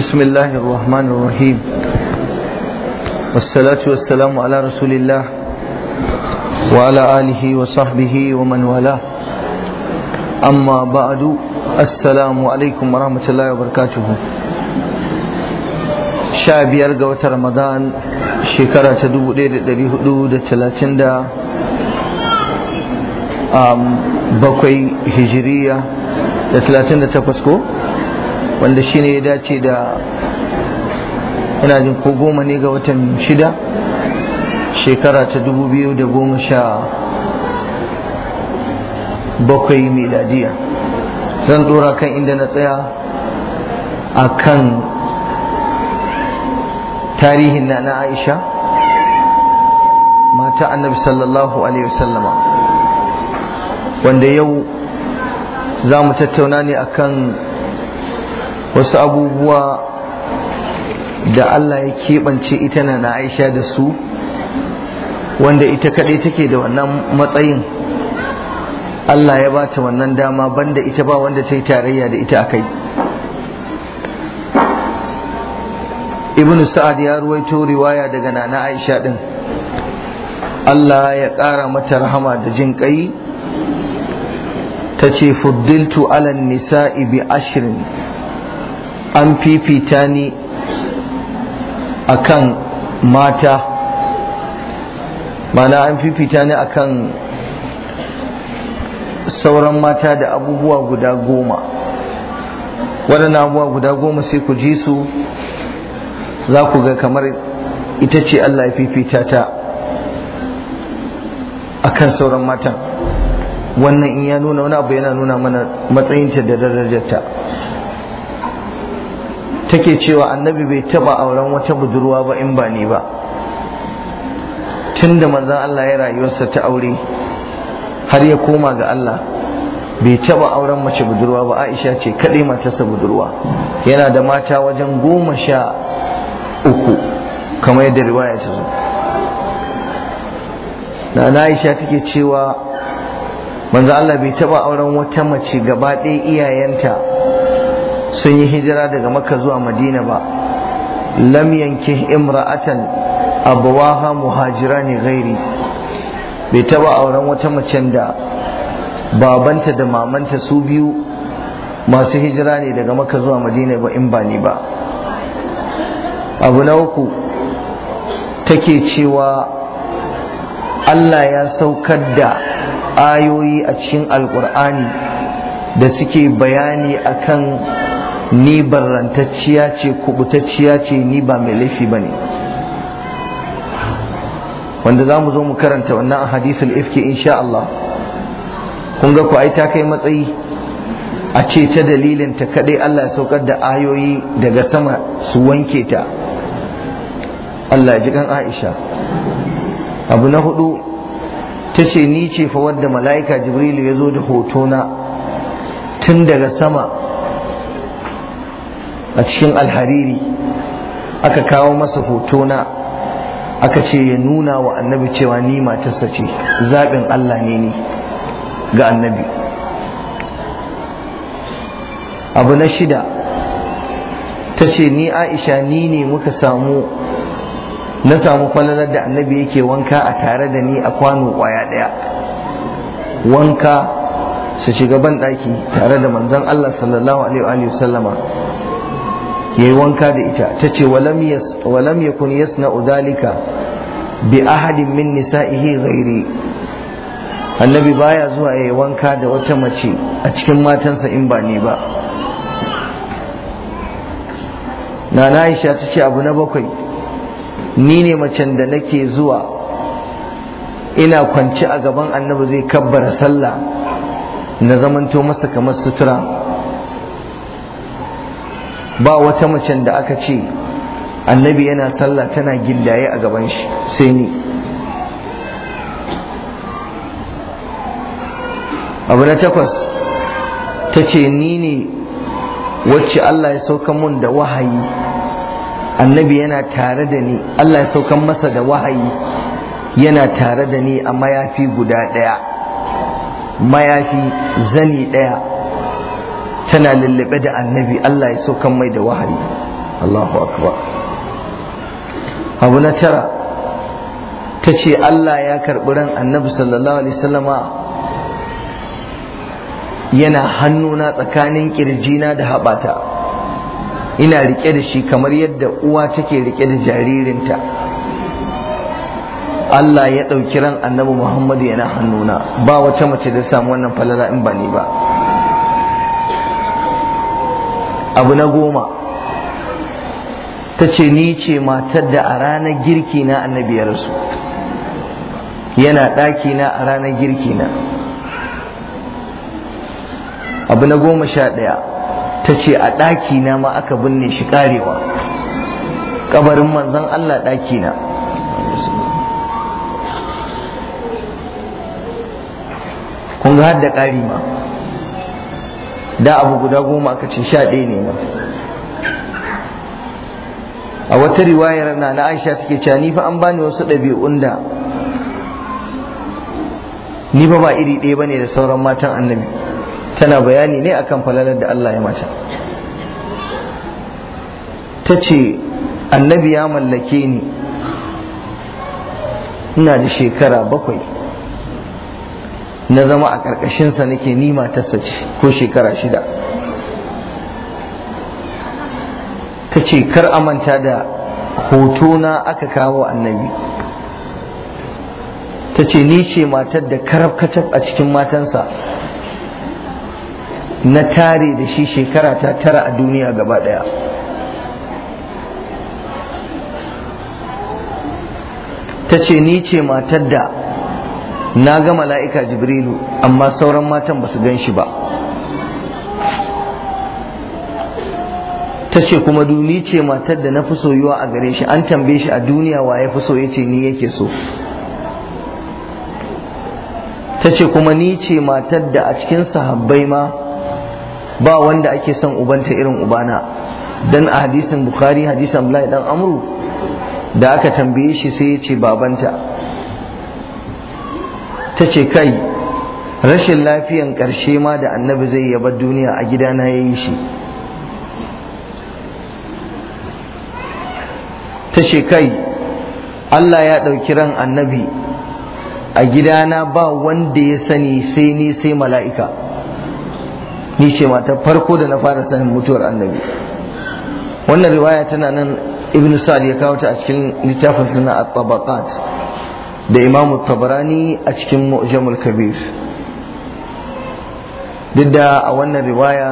بسم الله الرحمن الرحيم والصلاة والسلام على رسول الله وعلى آله وصحبه ومن والاه أما بعد السلام عليكم ورحمة الله وبركاته sha biyar ga watan ramadan shekara ta dubu ɗaya da ɗari hudu da talatin da bakwai hijiriya da talatin da takwas ko wanda shine ya dace da ina jin ko goma ne ga watan shida shekara ta dubu biyu da goma sha bakwai miladiya zan dora kan inda na tsaya a kan tarihin na na aisha mata annabi sallallahu alaihi wasallama wanda yau za mu tattauna ne kan. wasu abubuwa da Allah ya keɓance ita na na aisha da su wanda ita kaɗai take da wannan matsayin Allah ya ba ta wannan dama banda ita ba wanda ta yi tarayya da ita akai ibn sa'ad ya ruwaito riwaya daga nana aisha din Allah ya ƙara mata rahama da jin ƙai ta ce fuddiltu alan nisa'i bi ashirin an fifita ni akan mata mana an fifita ni akan sauran mata da abubuwa guda goma waɗannan abubuwa guda goma sai ku ji su za ku ga kamar ita ce Allah ya fifita ta akan sauran matan wannan in ya nuna wani abu yana nuna mana matsayinta da darajarta take cewa annabi bai taba auren wata budurwa ba in ba ni ba tunda manzon Allah ya rayuwarsa ta aure har ya koma ga Allah bai taba auren mace budurwa ba Aisha ce kadai matarsa budurwa yana da mata wajen goma sha uku kamar yadda riwaya ta zo na Aisha take cewa manzan Allah bai taba auren wata mace gaba ɗaya iyayenta sun yi hijira daga maka zuwa madina ba lam yanki imra'atan muhajira ne gairi bai taba auren wata macen da babanta da mamanta su biyu masu hijira ne daga maka zuwa madina ba in ba ni ba abu na uku take cewa Allah ya saukar da ayoyi a cikin alkur'ani da suke bayani akan ni barantacciya ce kubutacciya ce ni ba mai laifi ba ne wanda za mu zo mu karanta wannan a hadisul ifki insha Allah kun ga ku ai ta kai matsayi a ce ta dalilin ta kaɗai Allah ya saukar da ayoyi daga sama su wanke ta Allah ji kan Aisha abu na hudu ta ce ni ce fa wadda mala'ika jibrilu ya zo da hotona tun daga sama a cikin alhariri aka kawo masa hoto na aka ce ya nuna wa annabi cewa ni matarsa ce zaɓin Allah ne ni ga annabi abu na shida ta ce ni aisha ni ne muka samu na samu falalar da annabi yake wanka a tare da ni a kwano kwaya ɗaya wanka su shiga ban ɗaki tare da manzon Allah sallallahu alaihi wa yayi wanka da ita tace ce yas walam yakun yasna'u udalika bi ahadin min nisa'ihi ghairi annabi baya zuwa yayi wanka da wata mace a cikin matansa in ba ni ba nana Aisha ce abu na bakwai ni ne macen da nake zuwa ina kwanci a gaban annabi zai kabbara sallah na zamanto masa kamar sutura ba wata macen da aka ce annabi yana sallah tana gindaye a gaban shi sai ni abu na takwas ta ce ni ne wacce Allah ya sauka mun da wahayi annabi yana tare da ni Allah ya saukan masa da wahayi yana tare da ni a mayafi guda ɗaya mayafi zani ɗaya tana lullube da annabi Allah ya kan mai da wahayi Allahu akbar abu na tara ta ce Allah ya karɓi ran annabi sallallahu alaihi wasallama yana hannuna tsakanin ƙirjina da haɓata ina riƙe da shi kamar yadda uwa take riƙe da jaririnta Allah ya ɗauki ran annabi Muhammadu yana hannuna ba wata mace da samu wannan falala in ba ni ba abu na goma ta ce ni ce matar da a ranar girki na annabi yana ɗaki na a ranar girki na abu na goma sha ɗaya ta ce a ɗaki na ma aka binne shi ƙarewa ƙabarin manzan Allah ɗaki na kun ga hadda ƙari ma da abu guda goma aka ce sha ɗaya ne ma a wata riwayar na na aisha take cewa ni fa an bani wasu ɗabi'un da ni fa ba iri ɗaya bane da sauran matan annabi tana bayani ne akan falalar da Allah ya mata ta ce annabi ya mallake ni ina da shekara bakwai na zama a ƙarƙashinsa nake ni matarsa ce ko shekara shida ta ce kar a manta da na aka kawo annabi ta ce ni ce matar da karab a cikin matansa na tare da shi shekara ta tara a duniya gaba ɗaya ta ce ni ce matar da na ga mala'ika jibrilu amma sauran matan ba su gan shi ba ta ce kuma duni ce matar da na fi soyuwa a gare shi an tambaye shi a duniya wa ya fi so ya ce ni yake so ta ce kuma ni ce matar da a cikin sahabbai ma ba wanda ake son ubanta irin ubana dan a hadisin bukhari hadisin abdullahi dan amru da aka tambaye shi sai ya ce babanta ta ce kai rashin lafiyan ƙarshe ma da annabi zai yaba duniya a gidana ya yi shi ta ce kai Allah ya ɗauki ran annabi a gidana ba wanda ya sani sai ni sai mala'ika ni ce mata farko da na fara sanin mutuwar annabi wannan riwaya tana nan ibn sa'ad ya kawo ta a cikin littafin suna a tabaqat da imam tabarani a cikin mu'jamul kabir duk da a wannan riwaya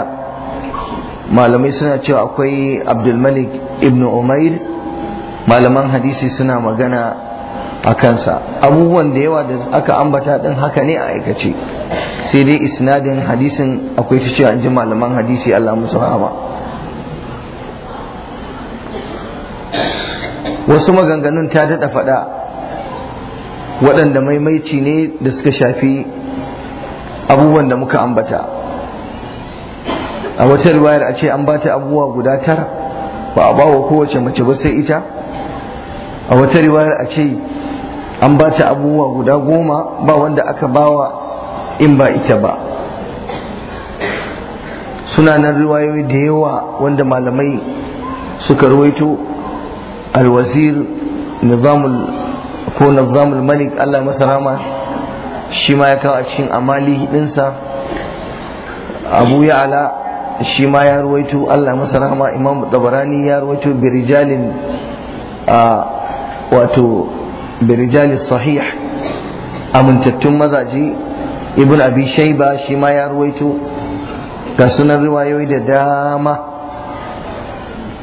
malamai suna cewa akwai abdulmalik ibn umair malaman hadisi suna magana a kansa abubuwan da yawa da aka ambata din haka ne a aikace sai dai isnadin hadisin akwai ta cewa ji malaman hadisi Allah musu hama wasu maganganun ta daɗa faɗa waɗanda maimaici ne da suka shafi abubuwan da muka ambata a wata riwayar a ce an ba ta abubuwa guda tara ba a bawa kowace mace ba sai ita a wata riwayar a ce an ba ta abubuwa guda goma ba wanda aka bawa in ba ita ba suna nan riwayoyi da yawa wanda malamai suka ruwaito alwazir nizamul ko nazamul malik Allah masa rama shi ma ya kawo a cikin amali ɗinsa abu ya ala shi ma ya ruwaito Allah masa rama imam tabarani ya ruwaito birijalin wato birijalin sahih amintattun mazaje ibn abi shaiba shi ma ya ruwaito ga sunan riwayoyi da dama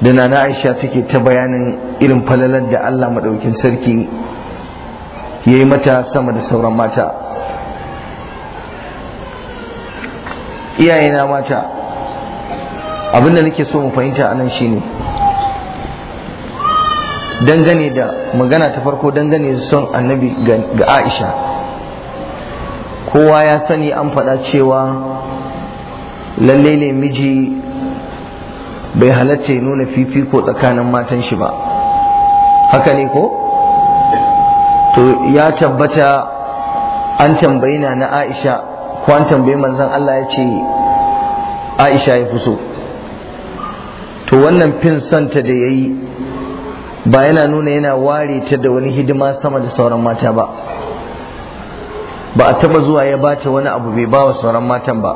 da na aisha take ta bayanin irin falalar da Allah maɗaukin sarki yayi mata sama da sauran mata iyayena mata abin da nake so mu fahimta anan shine dangane da magana ta farko dangane da son annabi ga Aisha kowa ya sani an faɗa cewa lalle ne miji bai halatta ya nuna fifiko tsakanin matan shi ba haka ne ko to ya tabbata an tambayi na Aisha ko an tambayi manzon Allah ya ce Aisha ya fi so to wannan fin santa da yayi ba yana nuna yana ware ta da wani hidima sama da sauran mata ba ba a taba zuwa ya bata wani abu bai ba wa sauran matan ba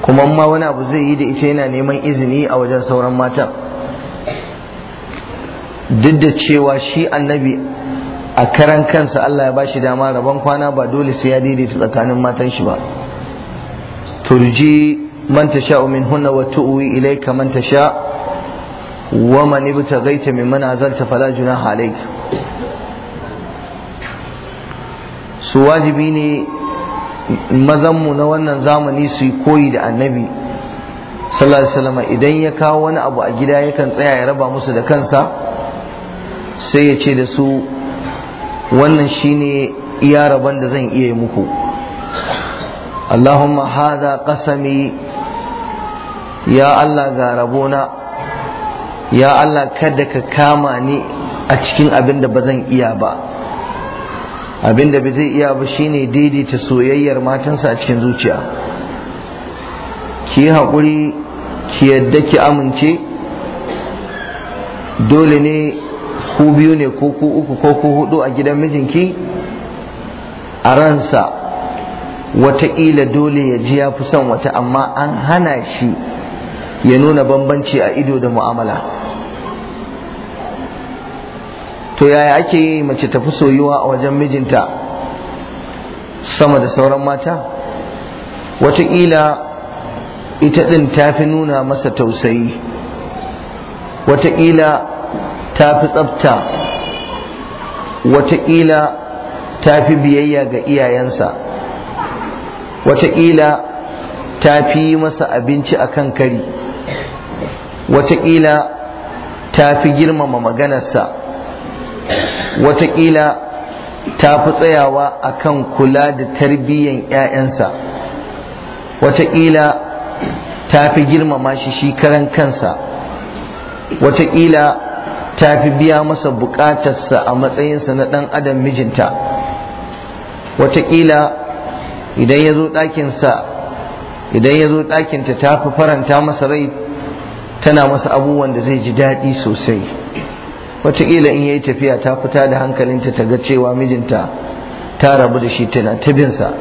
kuma ma wani abu zai yi da ita yana neman izini a wajen sauran matan duk da cewa shi annabi a karan kansa Allah ya ba shi dama rabon kwana ba dole sai ya daidaita tsakanin matan shi ba turji man sha min hunna wa tu'wi ilayka man sha. wa man ibtaghaita mimman azalta fala junaha alayk su wajibi ne mazanmu na wannan zamani su yi koyi da annabi sallallahu alaihi wasallam idan ya kawo wani abu a gida yakan tsaya ya raba musu da kansa sai ya ce da su wannan shine iya rabon da zan iya muku Allahumma haza, kasami ya Allah ga rabona ya Allah kada ka kama ni a cikin abin da ba zan iya ba abin da ba zai iya ba shine daidaita soyayyar matansa a cikin zuciya ki yi haƙuri ki yadda ki amince dole ne ku biyu ne ko ku uku ko ku hudu a gidan mijinki a ransa wataƙila dole ya ji ya fi son wata amma an hana shi ya nuna bambanci a ido da mu'amala to yaya ake yi mace tafi soyuwa a wajen mijinta sama da sauran mata wataƙila ita ɗin ta fi nuna masa tausayi wataƙila ta fi tsafta wataƙila ta fi biyayya ga iyayensa wataƙila ta fi masa abinci a kan kari wataƙila ta fi girmama maganarsa wataƙila ta fi tsayawa a kan kula da tarbiyyan 'ya'yansa wataƙila ta fi girmama shi shi karan kansa wataƙila ta fi biya masa bukatarsa a matsayinsa na ɗan adam mijinta watakila idan ya zo ɗakinsa idan ya zo ɗakinta ta fi faranta masa rai tana masa abubuwan da zai ji daɗi sosai watakila in ya yi tafiya ta fita da hankalinta ta ga cewa mijinta ta rabu da shi tana ta binsa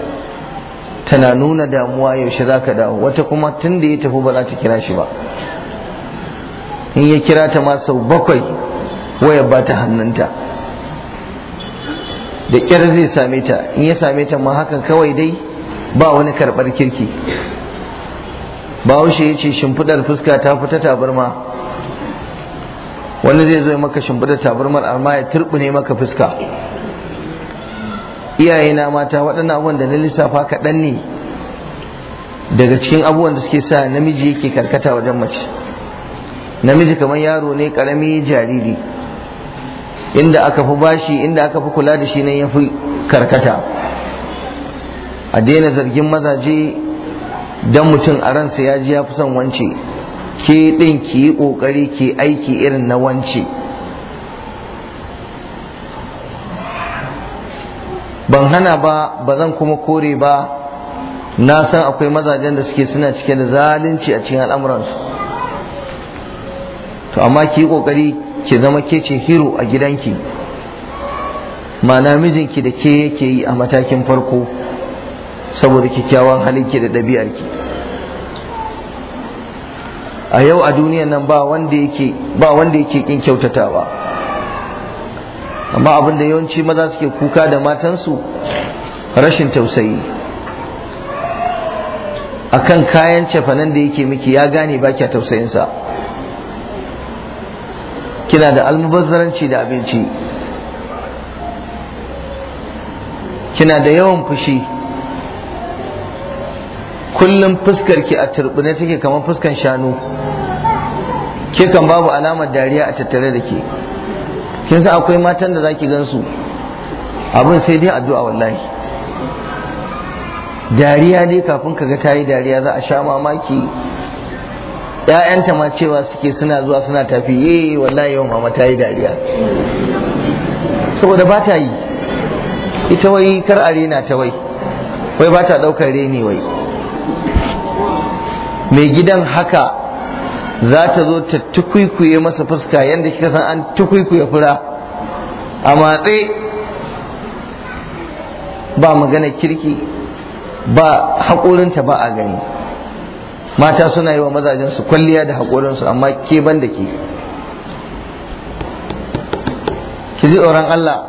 tana nuna damuwa yaushe za ka dawo wata kuma tun da ya tafi ba za ta kira shi ba in ya kira ta ma sau bakwai waya ba ta hannunta da kyar zai same ta in ya same ta ma hakan kawai dai ba wani karɓar kirki bahaushe ya ce shimfiɗar fuska ta fita tabarma wani zai zo maka shimfiɗar tabarmar amma ya turɓune maka fuska iyayena mata waɗannan abubuwan da na lissafa kaɗan ne daga cikin abubuwan da suke sa namiji yake karkata wajen mace namiji kamar yaro ne karami jariri inda aka fi bashi inda aka fi kula da shi nan ya fi karkata a daina zargin mazaje don mutum a ransa ya ji ya fi son wance ke ɗin ki yi ƙoƙari ke aiki irin na wance ban hana ba ba zan kuma kore ba na san akwai mazajen da suke suna cike da zalunci a cikin al'amuransu to amma ki yi kokari ki zama ke ce hero a gidanki ma'ana mijinki da ke yake yi a matakin farko saboda kyakkyawan halinki da ɗabi'arki a yau a duniyan nan ba wanda yake ba wanda yake kin kyautatawa amma abin da yawanci maza suke kuka da matansu rashin tausayi akan kayan cefanen da yake miki ya gane ba kya tausayinsa kina da almubazzaranci da abinci kina da yawan fushi kullum fuskar ki a turbine take kamar fuskan shanu ke kan babu alamar dariya a tattare da ke kin san akwai matan da zaki gansu abin sai dai addu'a wallahi dariya ne kafin ka ga tayi dariya za a sha mamaki ‘ya'yanta ma cewa suke suna zuwa suna tafi ye eh, wallahi yau mama ta yi dariya saboda ba ta yi ita wai kar a rena ta wai wai ba ta ɗaukar reni wai mai gidan haka za ta zo ta tukwikwiye masa fuska yadda kika san an tukwikwiye fura a matse ba magana kirki ba haƙorinta ba a gani mata suna yi wa mazajensu kwalliya da haƙorinsu amma ke ban da ke ki ji tsoron Allah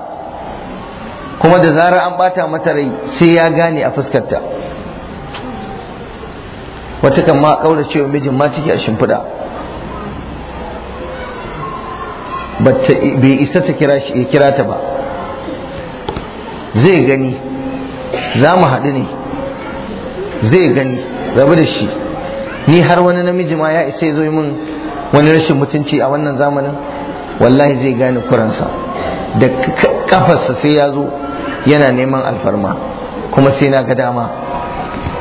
kuma da zarar an bata mata rai sai ya gane a fuskarta wata kan ma ƙaura cewa mijin ma take a shimfiɗa bai isa ta kira ta ba zai gani za mu haɗu ne zai gani rabu da shi ni har wani namiji ma ya isa zo mun wani rashin mutunci a wannan zamanin wallahi zai gane kuransa da kafarsa sai ya zo yana neman alfarma kuma sai na ga dama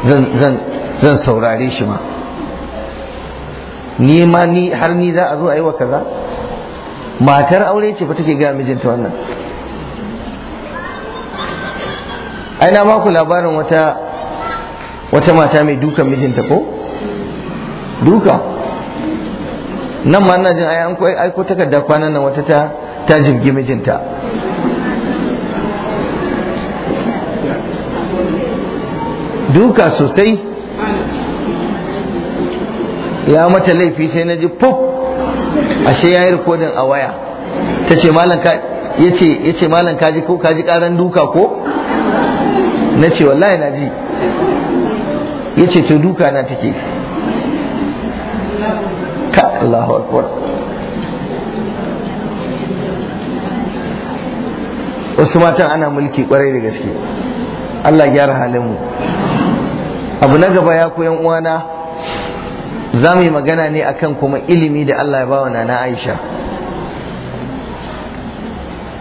zan saurare shi ma ni ma ni har ni za a zo a yi wa kaza matar aure ce fa take ga mijinta wannan ai na labarin wata wata mata mai dukan mijinta ko duka nan ma ina jin ai an koyi aiko takarda kwanan nan wata ta ta jirgi mijinta duka sosai ya mata laifi sai na ji pop ashe ya yi rikodin a waya ta ce malam ka yace ce malam kaji ko kaji karan duka ko na ce wallahi na ji yace to duka na take ka Allah akbar wasu matan ana mulki kwarai da gaske Allah gyara halin mu abu na gaba ya koyan uwana za mu yi magana ne akan kuma ilimi da Allah ya bawa nana Aisha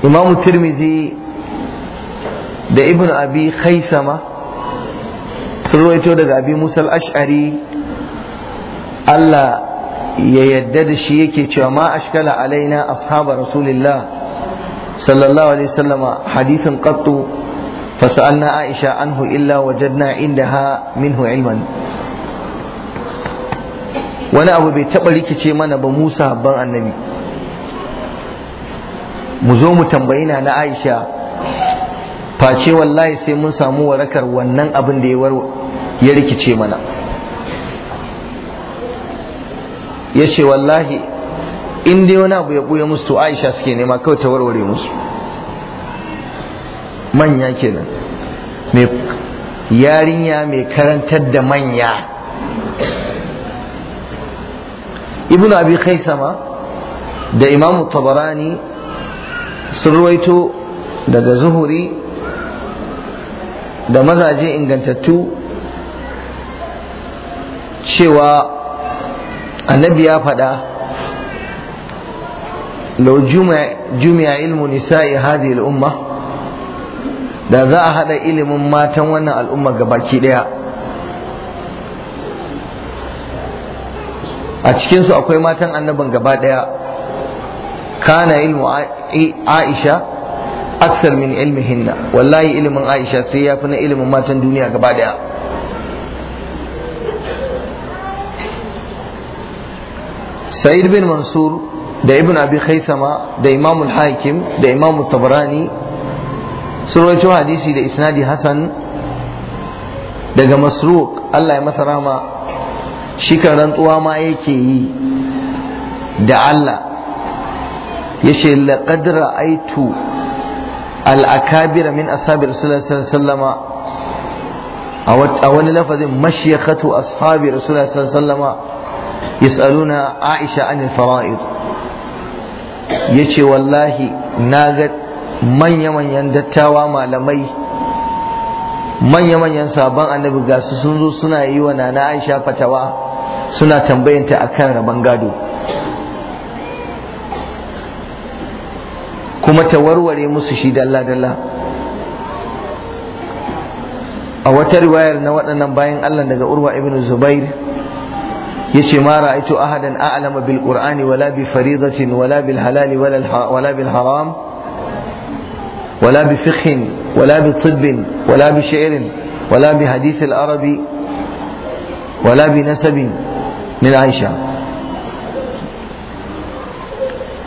Imam Tirmizi da Ibn Abi Khaisama sun ruwaito daga Abi Musa al-Ash'ari Allah ya yadda da shi yake cewa ma ashkala alaina ashabar rasulillah sallallahu alaihi wasallama hadithin qattu فسألنا aisha anhu illa wajadna indaha minhu ilman. wani abu bai taba rikice mana ba Musa ban annabi mu zo mu tambayi na na Aisha face wallahi sai mun samu warakar wannan abin da ya rikice mana ya ce wallahi in dai wani abu ya buya musu to aisha suke nema kawai ta warware musu manya kenan mai yarinya mai karantar da manya ibnu abi khaisama da Imam tabarani sun ruwaito daga zuhuri da mazaje ingantattu cewa annabi ya faɗa lau jumi'a ilmu nisa'i hadi al'umma da za a haɗa ilimin matan wannan al'umma gabaki ɗaya a cikinsu akwai matan annaban gaba ɗaya kana ilmu aisha aksar min ilmihinna wallahi ilimin aisha sai ya fi na ilimin matan duniya gaba ɗaya sa'id bin mansur da ibn abi da imam hakim da imam At-tabrani sun rawaito hadisi da isnadi Hassan daga masruq Allah ya masa rama shi kan rantsuwa ma yake yi da Allah yace laqad aitu al-akabira min ashabi rasulullahi sallallahu alaihi a wani lafazin mashyakhatu ashabi rasulullahi sallallahu alaihi wasallama yas'aluna Aisha anil Ya ce wallahi na ga manya-manyan dattawa malamai manya-manyan sabon annabi ga su sun zo suna yiwa wa nana Aisha fatawa suna tambayanta akan rabon gado kuma ta warware musu shi dala-dala. a wata riwayar na waɗannan bayan Allah daga Urwa Ibnu Zubair yace ma ra'aitu ahadan a'lama bil qur'ani wala bi faridatin wala bil halali wala bil haram ولا بفقه ولا بطب ولا بشعر ولا بحديث العربي ولا بنسب من عائشة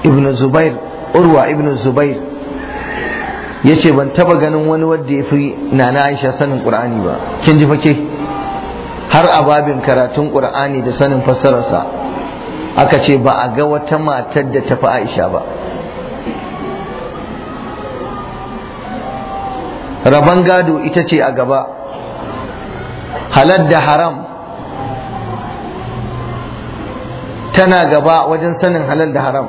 ابن الزبير أروى ابن الزبير yace ban taba ganin wani wadda ya fi nana Aisha sanin Qur'ani ba kin ji fa ke har a babin karatun ƙur'ani da sanin fassararsa aka ce ba a ga wata matar da tafi aisha ba Raban gado ita ce a gaba halal da haram tana gaba wajen sanin halal da haram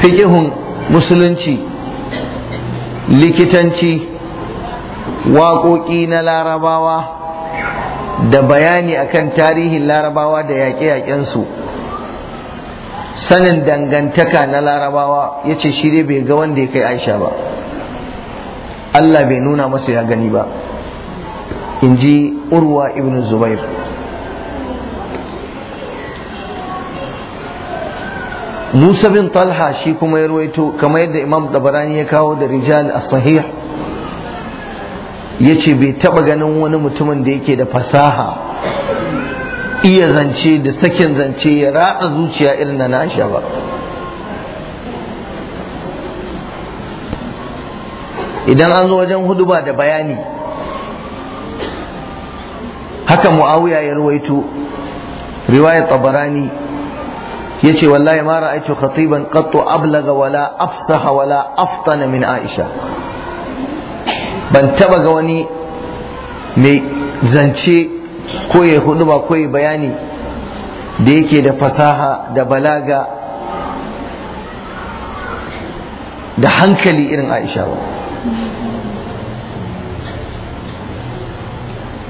fiƙihun musulunci likitanci waƙoƙi na larabawa da bayani akan tarihin larabawa da yaƙe-yaƙensu sanin dangantaka na larabawa ya ce shi dai bai ga wanda ya kai aisha ba Allah bai nuna masa ya gani ba Inji urwa ibn zubair musa bin talha shi kuma ya ruwaito kamar yadda imam tabarani ya kawo da rijal as-sahih ya ce bai taɓa ganin wani mutumin da yake da fasaha iya zance da sakin zance ya ratsa zuciya irin na nasha ba idan an zo wajen huduba da bayani haka mu'awiya ya ruwaito riwayat tabarani ya ce wallahi mara aiki khatiban qattu ablaga wala afsaha wala aftana min aisha ban taba ga wani mai zance ko ya hudu ba ko ya bayani da yake da fasaha da balaga da hankali irin aisha ba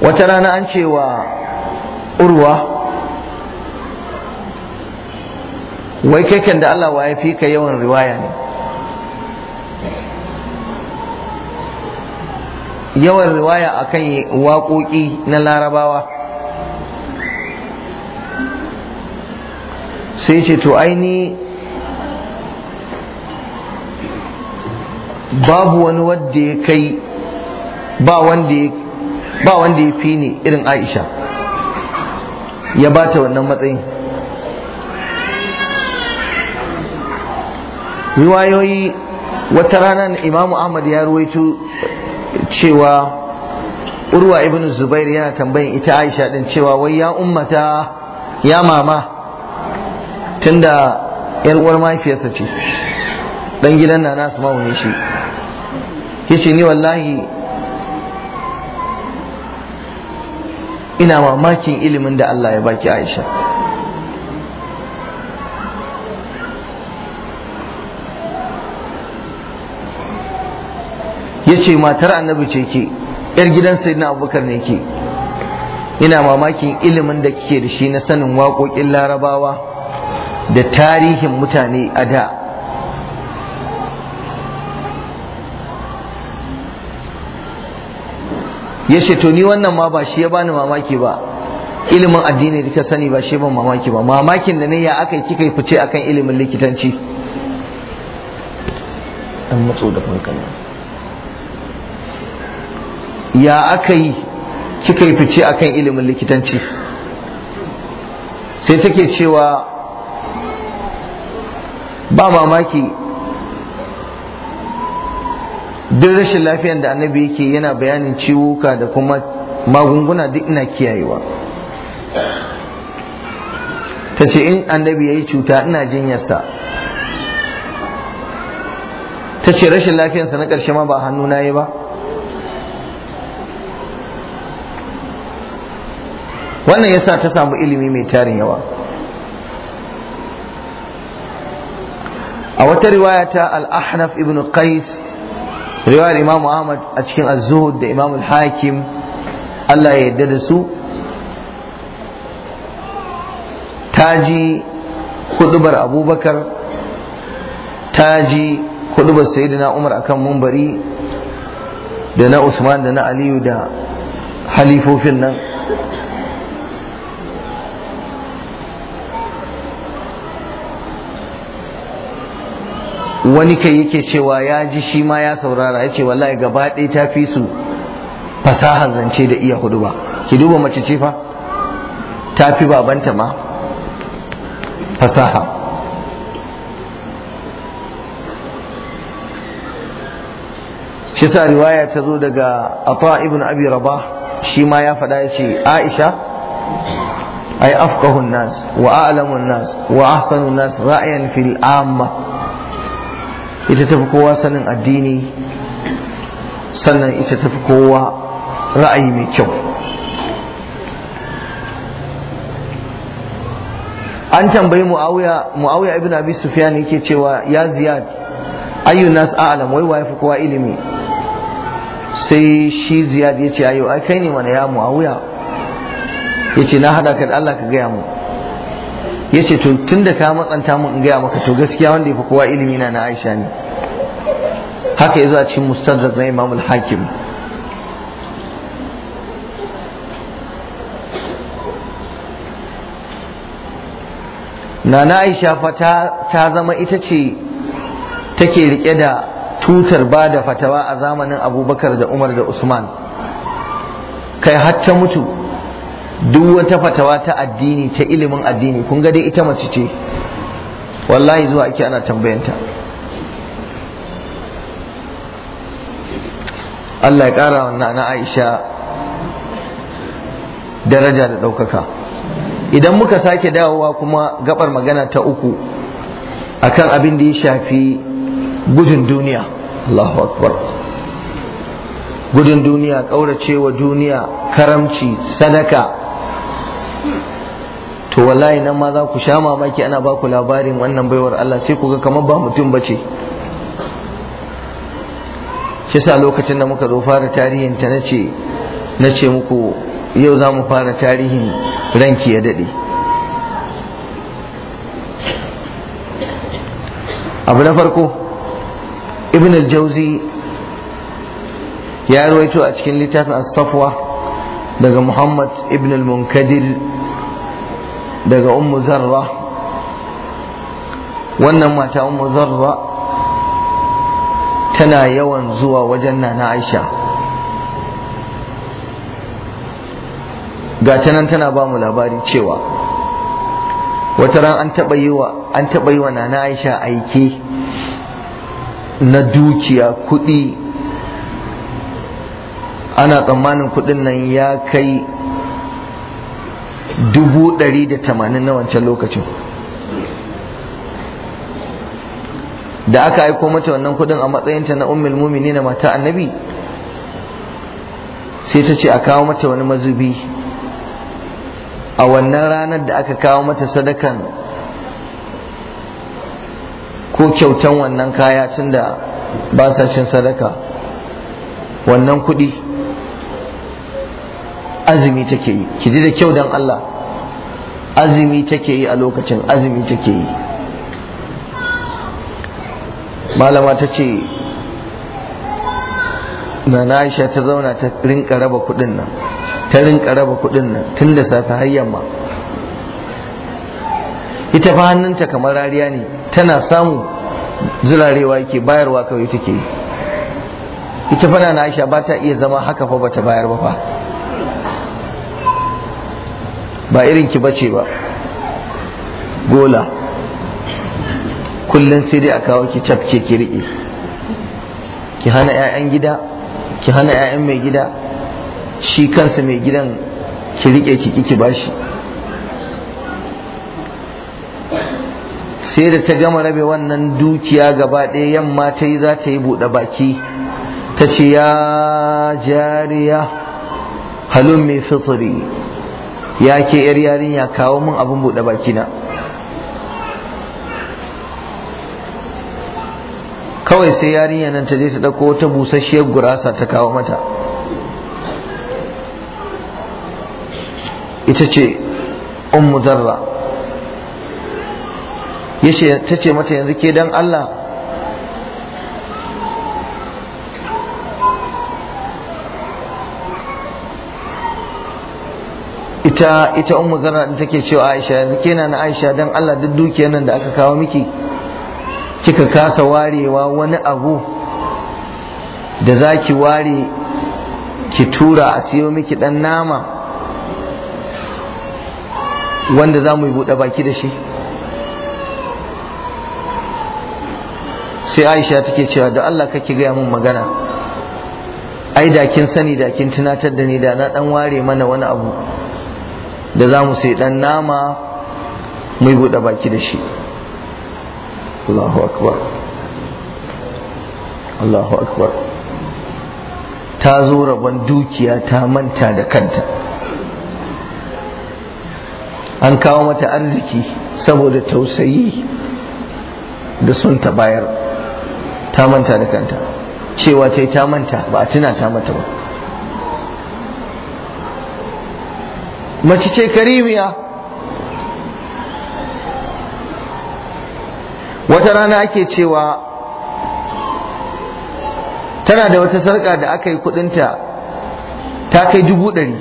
wata rana an wa urwa wai kai da Allah wa ya fi ka yawan riwaya ne yawan riwaya a kan waƙoƙi na larabawa sai ce to aini babu wani wadda ya kai ba wanda ya fi ni irin aisha ya ba ta wannan matsayin riwayoyi wata rana imamu ahmad ya ruwaito cewa urwa ibn zubair yana tambayin ita aisha din cewa wai ya ummata ya mama tunda yan uwar mahaifiyarsa ce dan gidan na nasu ne shi yace ni wallahi ina mamakin ilimin da Allah ya baki aisha yace matar annabi ce ke yar gidan na abubakar ne ke ina mamakin ilimin da kike da shi na sanin waƙoƙin larabawa da tarihin mutane a da ya ce to ni wannan ma ba shi ya bani mamaki ba ilimin addini da ka sani ba shi ban mamaki ba mamakin da ne ya aka yi kika yi fice akan ilimin likitanci dan matso da ya aka yi kika yi fice akan ilimin likitanci sai take cewa ba mamaki duk rashin lafiyan da annabi yake yana bayanin ciwuka da kuma magunguna duk ina kiyayewa ta ce in annabi ya yi cuta ina jinyarsa ta ce rashin lafiyansa na ƙarshe ma ba hannu na yi ba wannan yasa ta samu ilimi mai tarin yawa a wata riwaya ta al-ahnaf ibn qais riwayar imamu ahmad a cikin az-zuhud da imamu al-hakim Allah ya yarda da su ta ji kudubar abubakar ta ji kudubar sayyidina umar akan mumbari da na usman da na aliyu da halifofin nan wani kai yake cewa ya ji shi ma ya saurara ya ce wallahi gaba ɗaya ta fi su fasaha zance da iya hudu ba ki duba mace ce fa ta fi babanta ma fasaha shi sa riwaya ta zo daga ata ibn abi rabah shi ma ya faɗa ya ce aisha ai afkahun nas wa a'lamun nas wa ahsanun nas ra'ayan fil ita tafi kowa sanin addini sannan ita tafi kowa ra'ayi mai kyau an tambayi muawiya muawiya ibn abi sufyan yake cewa ya ziyad ayyun nas a'lam wai wa fi kowa ilimi sai shi ziyad yace ce ai kai ne mana ya muawiya yace na hada ka da Allah ka gaya mu yace to da ka matsanta mun in gaya maka to gaskiya wanda ya fi kowa ilimi na na Aisha ne haka ya zo a cikin mustadrak na Imam al-Hakim Nana Aisha fa ta zama ita ce take rike da tutar ba da fatawa a zamanin Abubakar da Umar da Usman kai har ta mutu duk wata fatawa ta addini ta ilimin addini kun ga dai ita mace ce wallahi zuwa ake ana tambayanta Allah ya ƙara wannan na Aisha daraja da ɗaukaka idan muka sake dawowa kuma gabar magana ta uku akan abin da ya shafi gudun duniya Allahu akbar gudun duniya wa duniya karamci sadaka to wallahi nan ma za ku sha mamaki ana ba ku labarin wannan baiwar Allah sai ku ga kamar ba mutum bace shi sa lokacin da muka zo fara tarihin ta nace nace muku yau za mu fara tarihin ranki ya dade abu na farko ibn al-jauzi ya rawaito a cikin littafin as-safwa daga muhammad ibn al-munkadir daga ummu zarra wannan mata ummu zarra tana yawan zuwa wajen nana aisha ga nan tana ba mu labari cewa wata ran an an taɓa yi wa nana aisha aiki na dukiya kuɗi ana tsammanin kuɗin nan ya kai dubu ɗari da tamanin na wancan lokacin da aka aiko mata wannan kudin a ta na ummul mumini na mata annabi sai ta ce a kawo mata wani mazubi a wannan ranar da aka kawo mata sadakan ko kyautan wannan kaya tun da ba sa cin sadaka wannan kudi azumi take yi ki ji da kyau dan Allah azumi take yi a lokacin azumi take yi malama ta ce na Aisha ta zauna ta rinka raba kudin nan ta rinka raba kudin nan tun da safe har yamma ita fa hannunta kamar rariya ne tana samu zurarewa yake bayarwa kawai take yi ita fa na Aisha ba ta iya zama haka fa bata bayar ba fa ba irin ki bace ba gola kullum sai dai a kawo ki cafke ki riƙe ki hana 'ya'yan gida ki hana 'ya'yan mai gida shi kansa mai gidan ki riƙe ki ki bashi sai da ta gama rabe wannan dukiya gaba ɗaya yamma ta yi za ta yi buɗe baki ta ce ya jariya halun mai fitri ya ke yar yarinya kawo min abin buɗe na kawai sai yarinya nan ta je ta ɗauko wata busasshiyar gurasa ta kawo mata ita ce ummu zarra yace ta ce mata yanzu ke dan Allah ita ita ummu zarra din take cewa Aisha yanzu kenan na Aisha dan Allah duk dukiyar nan da aka kawo miki kika kasa warewa wani abu da zaki ware ki tura a siyo miki dan nama wanda za mu buɗe baki da shi sai aisha take cewa da Allah ki gaya mun magana ai da kin sani da kin tunatar da ni da na dan ware mana wani abu da za mu sai ɗan nama mai buɗe baki da shi Allahu akbar Allahu akbar ta zo rabon dukiya ta manta da kanta an kawo mata arziki saboda tausayi da sun ta bayar ta manta da kanta cewa ta yi ta manta ba a tuna ta mata ba mace ce karimiya wata rana ake cewa tana da wata sarƙa da aka yi kudinta ta kai dubu ɗari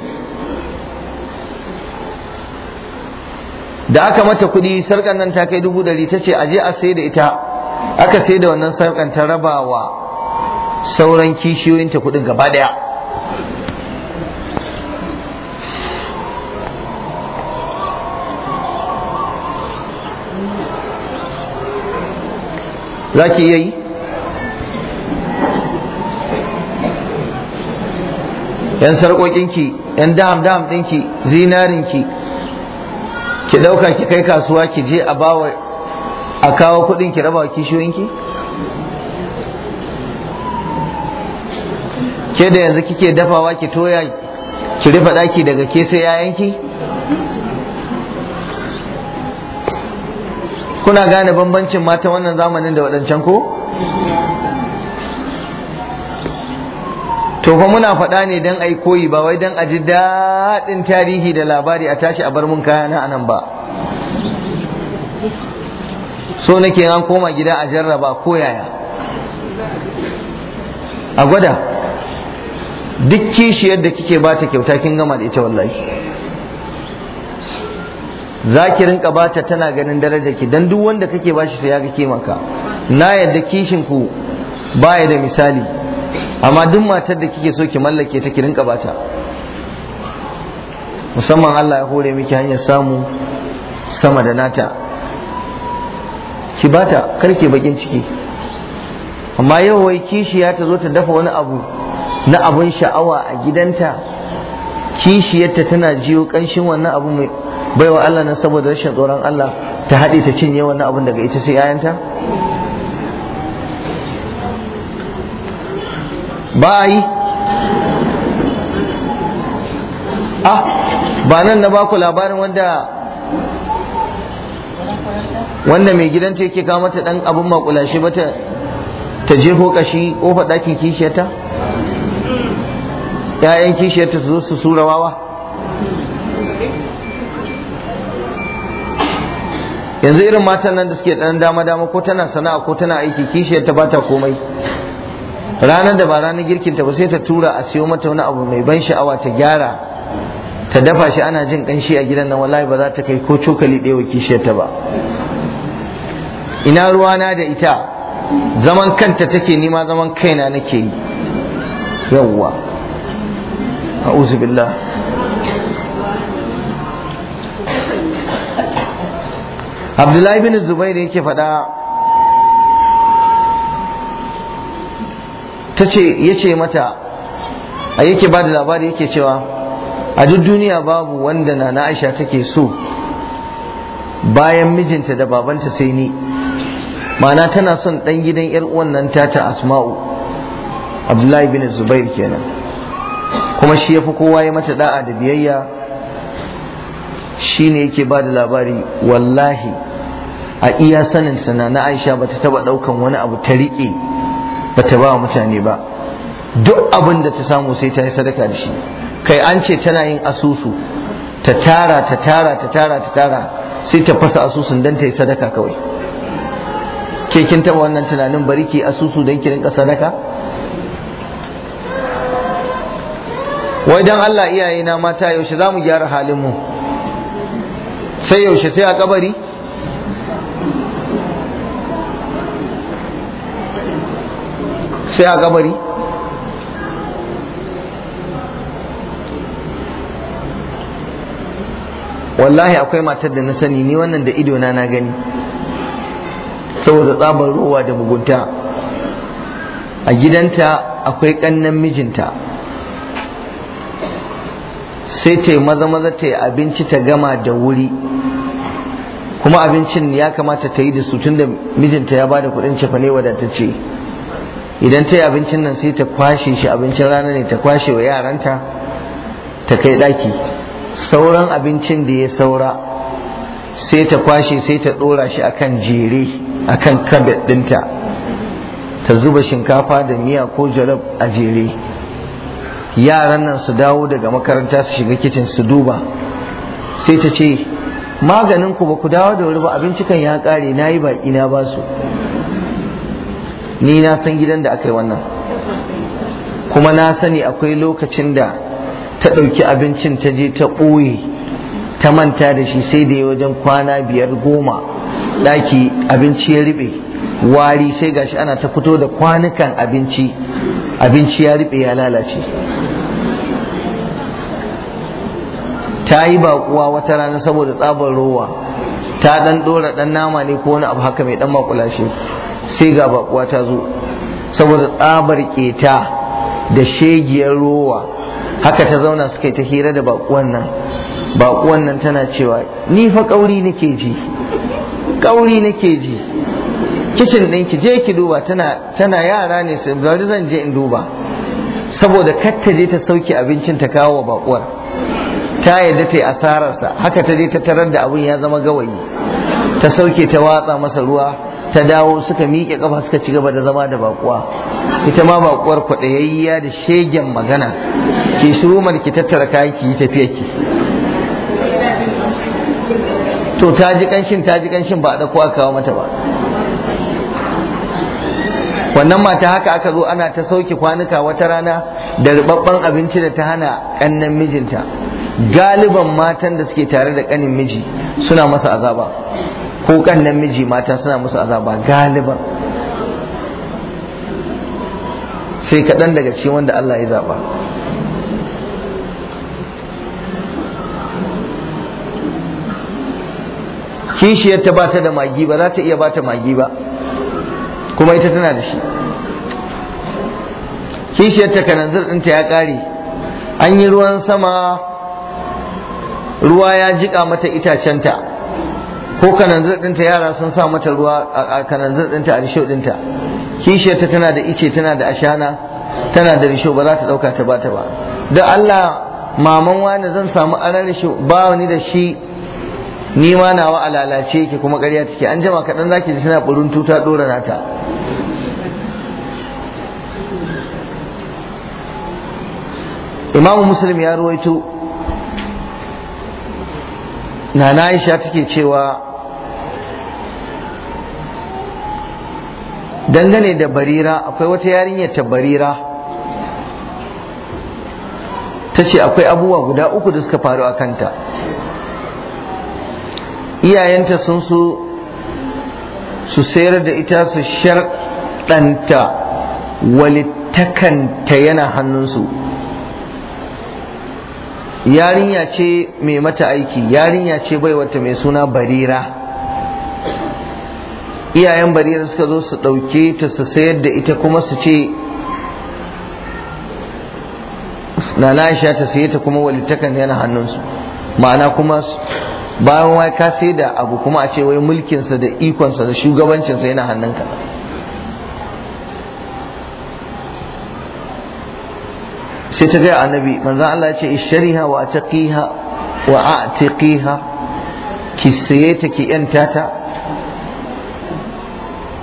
da aka mata kudi sarƙar nan ta kai dubu ɗari ta ce aje a sai da ita aka sai da wannan sarƙan ta raba wa sauran kishiyoyinta kudin gaba ɗaya za ki iya yi yan sarƙoƙinki yan dam dam ɗinki zinarinki ki ɗauka ki kai kasuwa ki je a bawa a kawo kuɗin ki raba kishiyoyinki ke da yanzu kike dafawa ki toya ki rufe ɗaki daga ke sai yayanki kuna gane bambancin mata wannan zamanin da waɗancan ko to fa muna faɗa ne don ayi koyi ba wai don a ji daɗin tarihi da labari a tashi a bar mun kayana a nan ba so nake an koma gida a jarraba ko yaya a gwada duk kishiyar da kike ba ta kyauta kin gama da ita wallahi za ki rinka bata tana ganin darajar ki dan duk wanda kake bashi sai ya ga ke maka na yadda kishin ku baya da misali amma duk matar da kike so ki mallake ta ki rinka bata musamman Allah ya hore miki hanyar samu sama da nata ki bata karke bakin ciki amma yau wai kishiya ta zo ta dafa wani abu na abun sha'awa a gidanta kishiyarta tana jiyo kanshin wannan abu mai baiwa Allah nan saboda rashin tsoron Allah ta haɗe ta cinye wannan abin daga ita sai yayanta ba a yi ah ba nan na baku labarin wanda wanda mai gidanta yake kawo mata dan abin makulashe ba ta ta je kashi kofa ɗakin kishiyarta 'ya'yan kishiyarta su zo su sura wawa yanzu irin matan nan da suke ɗan dama dama ko tana sana'a ko tana aiki kishi ta bata komai ranar da ba ranar girkin ta ba sai ta tura a siyo mata wani abu mai ban sha'awa ta gyara ta dafa shi ana jin kanshi a gidan nan wallahi ba za ta kai ko cokali ɗaya wa ta ba ina ruwa na da ita zaman kanta take nima zaman kaina nake yi yawwa a'udhu billah abdullahi bin zubair yake faɗa ta ce ya mata a yake ba da labari yake cewa a duk duniya babu wanda na na aisha take so bayan mijinta da babanta sai ni ma'ana tana son ɗan gidan 'yar uwan nan tata asma'u abdullahi bin zubair kenan kuma shi ya fi kowa ya mata da'a da biyayya shine yake ba da labari wallahi a iya sanin sana na Aisha bata taba daukan wani abu ta rike bata ba wa mutane ba duk abin da ta samu sai ta yi sadaka da shi kai an ce tana yin asusu ta tara ta tara ta tara ta tara sai ta fasa asusun dan ta yi sadaka kawai ke kin taba wannan tunanin bari ki asusu dan ki rinka sadaka wai dan Allah iyayena mata yaushe za mu gyara halin mu sai yaushe sai a kabari sai a kabari wallahi akwai matar da na sani ni wannan da idona na gani saboda tsabar ruwa da mugunta a gidanta akwai ƙannan mijinta sai ta yi maza maza ta yi abinci ta gama da wuri kuma abincin ya kamata ta yi da su tun da mijinta ya bada kudin cefane wadatacce idan ta yi abincin nan sai ta kwashe shi abincin rana ne ta kwashe wa yaranta ta kai ɗaki sauran abincin da ya saura sai ta kwashe sai ta ɗora shi akan jere akan kabet ɗinta ta zuba shinkafa da miya ko jalab a jere yaran nan su dawo daga makaranta su shiga kicin su duba sai ta ce maganin ku ba ku dawo da wuri ba kan ya ƙare na yi baƙi na basu. ni na san gidan da aka yi wannan kuma na sani akwai lokacin da ta ɗauki abincin ta je ta ɓoye ta manta da shi sai da ya wajen kwana biyar goma ɗaki abinci ya riɓe wari sai gashi ana ta fito da kwanukan abinci abinci ya riɓe ya lalace ta yi baƙuwa wata rana saboda tsabar rowa ta ɗan ɗora ɗan nama ne ko wani abu haka mai ɗan makulashi sai ga bakuwa ta zo saboda tsabar keta da shegiyar rowa haka ta zauna suka yi ta hira da bakuwan nan bakuwan nan tana cewa ni fa kauri nake ji kauri nake ji kicin ɗin ki je ki duba tana tana yara ne bari zan je in duba saboda kar ta je ta sauke abincin ta kawo wa bakuwar ta yadda ta yi asararsa haka ta je ta tarar da abin ya zama gawayi ta sauke ta watsa masa ruwa ta dawo suka miƙe ƙafa suka ci gaba da zama da baƙuwa, ita ma baƙuwar kwaɗayayya da shegen magana ke shirumar ki tattara kayan ki yi tafiya ki to ta ji ƙanshin ta ji ƙanshin ba a ɗauko a kawo mata ba wannan mata haka aka zo ana ta sauke kwanuka wata rana da ribabban abinci da ta hana ƙannan mijinta galiban matan da suke tare da ƙanin miji suna masa azaba ko namiji miji mata suna musu azaba galiban sai kaɗan daga ci wanda Allah ya zaba kishiyar ta bata da magi ba za ta iya bata magi ba kuma ita tana da shi kishiyar ta kananzir ɗinta ya ƙare an yi ruwan sama ruwa ya jiƙa mata itacenta ko kananzir ɗinta yara sun sa mata ruwa a kananzir ɗinta a risho ɗinta kishiyarta tana da ice tana da ashana tana da risho ba za ta ɗauka ta bata ba da Allah maman wani zan samu aran risho ba ni da shi ni ma nawa a lalace yake kuma ƙarya take an jama kaɗan zaki ji tana ɓurin tuta ɗora nata imamu muslim ya ruwaito na na aisha take cewa dangane da barira akwai wata yarinya ta barira ta ce akwai abubuwa guda uku da suka faru a kanta iyayenta sun so su sayar da ita su sharɗanta walittakanta yana hannunsu yarinya ce mai mata aiki yarinya ce baiwata mai suna barira iyayen barira suka zo su ɗauke ta su sayar da ita kuma su ce na aisha ta saye ta kuma walittakan yana hannunsu ma'ana kuma bayan wai ka sai da abu kuma a ce wai mulkinsa da ikonsa da shugabancinsa yana hannunka sai ta gaya annabi manzan Allah ya ce ishariha wa taqiha wa a'tiqiha ki saye ta ki yanta ta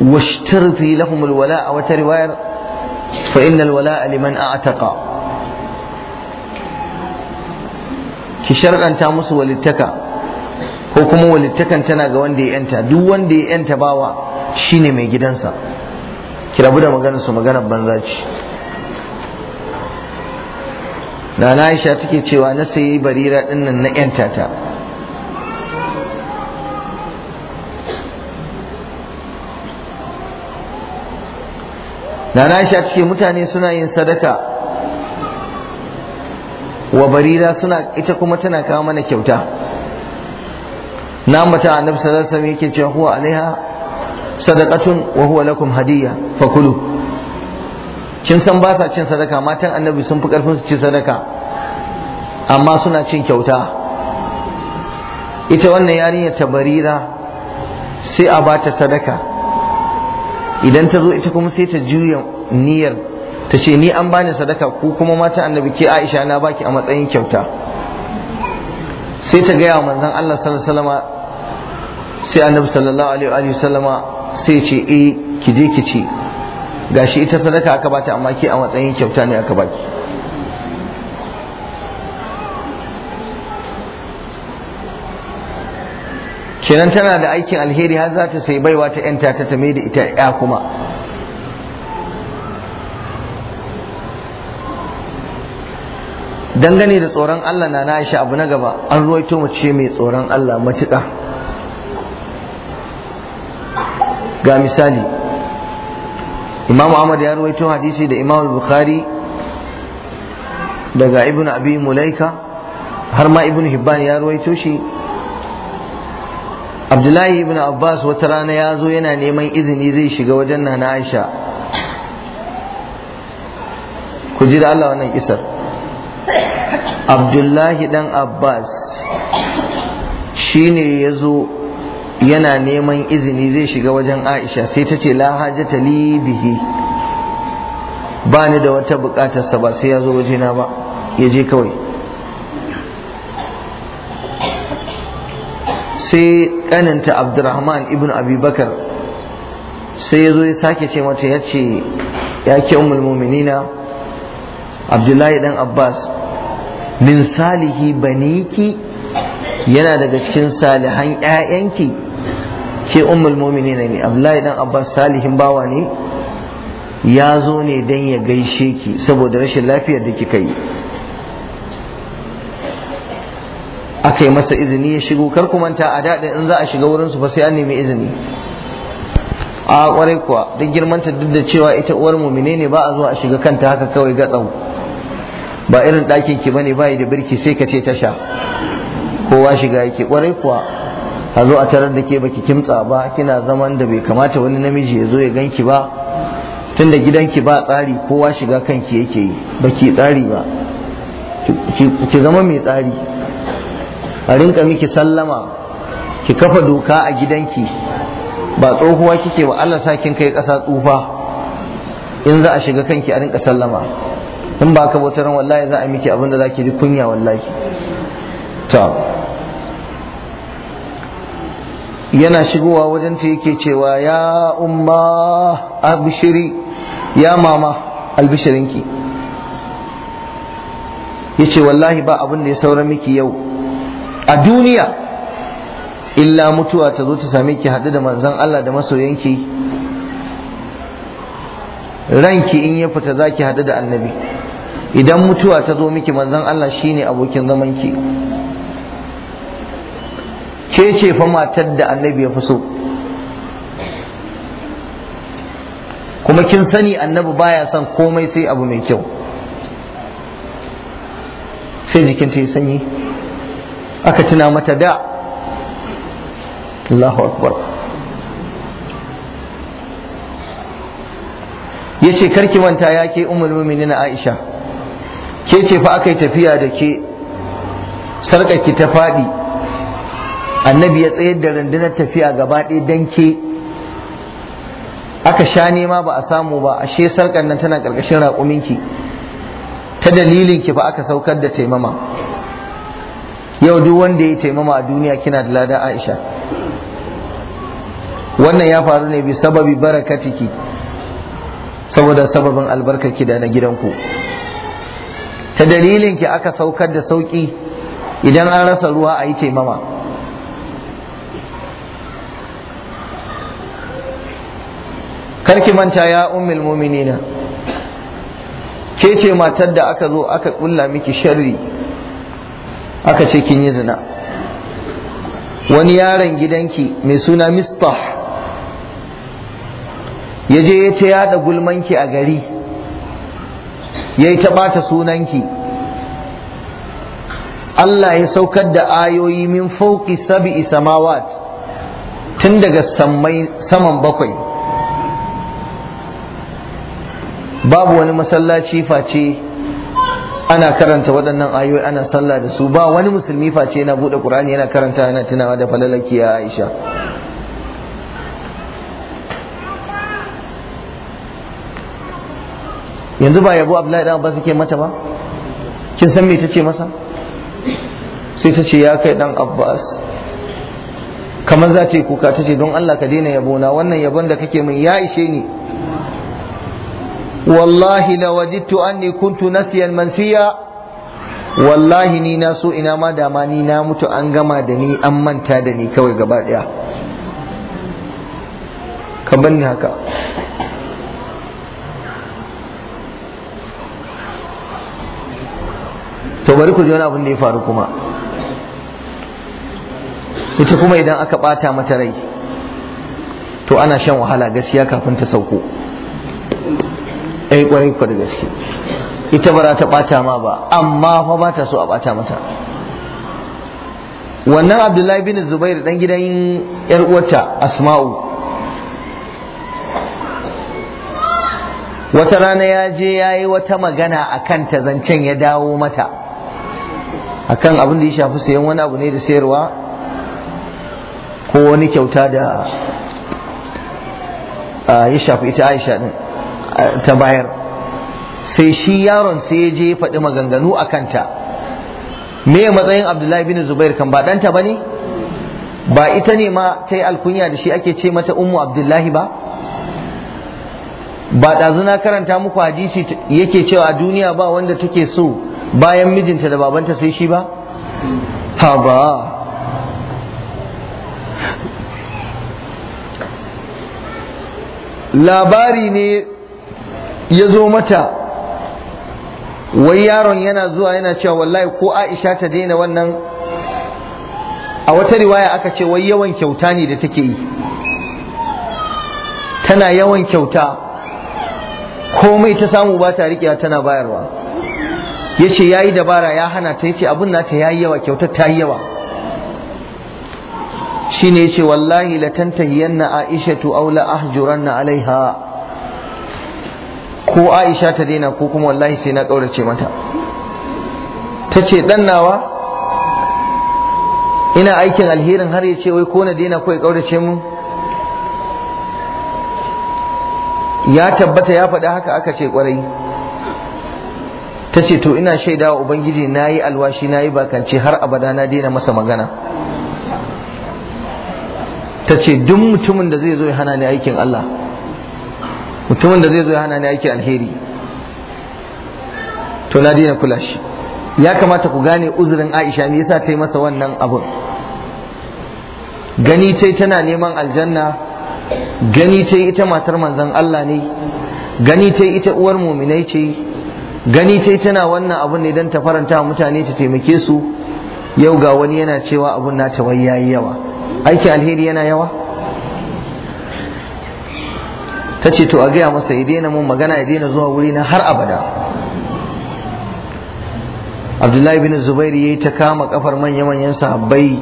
واشترطي لهم الولاء وترواية فإن الولاء لمن أعتقى ki sharɗanta musu walittaka ko kuma walittakan tana ga wanda ya yanta duk wanda ya yanta bawa shine mai gidansa ki rabu da maganar su maganar banza ce na Aisha take cewa na sayi barira nan na yanta ta na a ce mutane suna yin sadaka wa barira suna ita kuma tana kawo mana kyauta na mata a sallallahu yake cewa huwa alaiha sadakatun wa huwa lakum hadiyya fakulu kin san ba sa cin sadaka matan annabi sun fi karfin su ci sadaka amma suna cin kyauta ita wannan yarinyar ta barira sai a ba ta sadaka idan ta zo ita kuma sai ta juya niyyar ta ce ni an bani sadaka ko kuma mata annabi ke Aisha na baki a matsayin kyauta sai ta gaya wa manzon Allah sallallahu alaihi wasallama sai annabi sallallahu alaihi wasallama sai ce eh ki je ki ce, gashi ita sadaka aka bata amma ke a matsayin kyauta ne aka baki kenan tana da aikin alheri har za ta sai baiwa ta yanta ta tame da ita ya kuma dangane da tsoron Allah na Aisha abu na gaba an ruwaito mace mai tsoron Allah matuƙa ga misali Imam Ahmad ya ruwaito hadisi da Imam Bukhari daga Ibn Abi Mulaika har ma Ibn Hibban ya ruwaito shi abdullahi ibn abbas wata rana ya zo yana neman izini zai shiga wajen na aisha ku ji da allah wannan kisar abdullahi dan abbas shine ya zo yana neman izini zai shiga wajen aisha sai ta ce la hajata li ba da wata bukatarsa ba sai ya zo wajena ba ya je kawai sai ƙaninta abdurrahman ibn abubakar sai ya zo ya sake ce mata ya ce ya ke muminina abdullahi dan abbas min salihi baniki yana daga cikin salihan 'ya'yanki ke umul muminina ne abdullahi dan abbas salihin bawa ne ya zo ne don ya gaishe ki saboda rashin lafiyar da kika yi aka yi masa izini ya shigo kar ku manta a daɗin in za a shiga wurin su fa sai an nemi izini a kwarai kuwa duk girmanta duk da cewa ita uwar mumine ne ba a zuwa a shiga kanta haka kawai ga tsawo? ba irin ɗakin ki bane bayi da birki sai ka ce tasha kowa shiga yake kwarai kuwa a zo a tarar da ke baki kimtsa ba kina zaman da bai kamata wani namiji ya zo ya ganki ba tunda gidanki ba tsari kowa shiga kanki yake yi baki tsari ba ki zama mai tsari a rinka miki sallama ki kafa doka a gidanki ba tsohuwa kike ba Allah sa kin kai ƙasa tsufa in za a shiga kanki a rinka sallama in ba ka bautar wallahi za a miki abinda da za ki ji kunya wallahi to yana shigowa wajen ta yake cewa ya umma abshiri ya mama albishirinki yace wallahi ba abin da ya saura miki yau a duniya illa mutuwa ta zo ta same ki haɗu da manzan Allah da masoyanki ranki in ya fita za ki haɗu da annabi idan mutuwa ta zo miki manzan Allah shi ne abokin zamanki ke ce fa matar da annabi ya fi so kuma kin sani annabi baya son komai sai abu mai kyau sai jikin ta sanyi aka tuna mata da Allahu akbar ya ce karki manta ya ke umar na aisha ke ce fa aka yi tafiya da ke sarƙarki ta faɗi annabi ya tsayar da rundunar tafiya gaba ɗaya don ke aka sha nema ba a samu ba ashe sarƙar nan tana ƙarƙashin raƙuminki ta dalilin ki fa aka saukar da taimama yau duk wanda ya taimama a duniya kina da lada aisha wannan ya faru ne bi sababi barakatiki saboda sababin albarkaki da na gidanku ta dalilin ki aka saukar da sauki idan an rasa ruwa a yi taimama karki manta ya ummul muminina ke ce matar da aka zo aka kulla miki sharri aka ce kin yi zina wani yaron gidanki mai suna mistah ya je ya ta yada gulmanki a gari ya yi ta ɓata sunanki Allah ya saukar da ayoyi min fauki sabi'i samawat tun daga saman bakwai babu wani masallaci face ana karanta waɗannan ayoyi ana sallah da su ba wani musulmi face yana buɗe Qur'ani yana karanta yana tunawa da falalaki ya Aisha yanzu ba yabo Abdullahi dan Abbas suke mata ba kin san me tace masa sai tace ya kai dan Abbas kamar za ta yi kuka tace don Allah ka daina yabona wannan yabon da kake min ya ishe ni wallahi lawajidtu anni kuntu nasiyan mansiya wallahi ni na so ina ma dama na mutu an gama da ni an manta da ni kawai gaba daya ka banni haka to bari ku wani abin da ya faru kuma ita kuma idan aka bata mata rai to ana shan wahala gaskiya kafin ta sauko ai eh, kwarai kwa da gaske ita ba za ta bata ma ba amma fa ba so a bata mata wannan abdullahi bin zubair dan gidan yar uwarta asma'u wata rana ya je ya yi wata magana a kan zancen ya dawo mata a kan abin da ya shafi sayan wani abu ne da sayarwa ko wani kyauta da ya shafi ita aisha din ta bayar sai shi yaron sai ya je faɗi maganganu a kanta me matsayin abdullahi bin zubair kan ba ɗanta ba ne ba ita ne ma ta yi alkunya da shi ake ce mata ummu abdullahi ba ba ɗazuna karanta muku hadisi yake cewa a duniya ba wanda take so bayan mijinta da babanta sai shi ba ha ba labari ne ya zo mata wai yaron yana zuwa yana cewa wallahi ko aisha ta daina wannan a wata riwaya aka ce wai yawan kyauta ne da take yi tana yawan kyauta komai ta samu ba ta riƙewa tana bayarwa ya ce ya yi dabara ya hana ta ya ce abin nata ya yi yawa kyautar ta yi yawa shine yace wallahi la tantahiyanna aishatu aw la ahjuranna alaiha ko aisha ta daina ko kuma wallahi sai na ƙaurace mata ta ce ɗan nawa ina aikin alherin har ya ce wai ko na daina ko ya ƙaurace mu? ya tabbata ya faɗi haka aka ce ƙwarai ta ce to ina shaidawa ubangiji na yi alwashi na yi bakance har abada na daina masa magana ta ce duk mutumin da zai zo ya hana ni aikin Allah mutumin da zai zo ya hana ni aiki alheri to na daina kula shi ya kamata ku gane uzurin Aisha me yasa ta yi masa wannan abun gani tai tana neman aljanna gani tai ita matar manzon Allah ne gani tai ita uwar muminai ce gani tai tana wannan abun ne don ta faranta mutane ta taimake su yau ga wani yana cewa abun nata wai yayi yawa aiki alheri yana yawa ta ce to a gaya masa ya daina mun magana ya daina zuwa wuri na har abada abdullahi bin zubair ya yi ta kama kafar manya-manyan sahabbai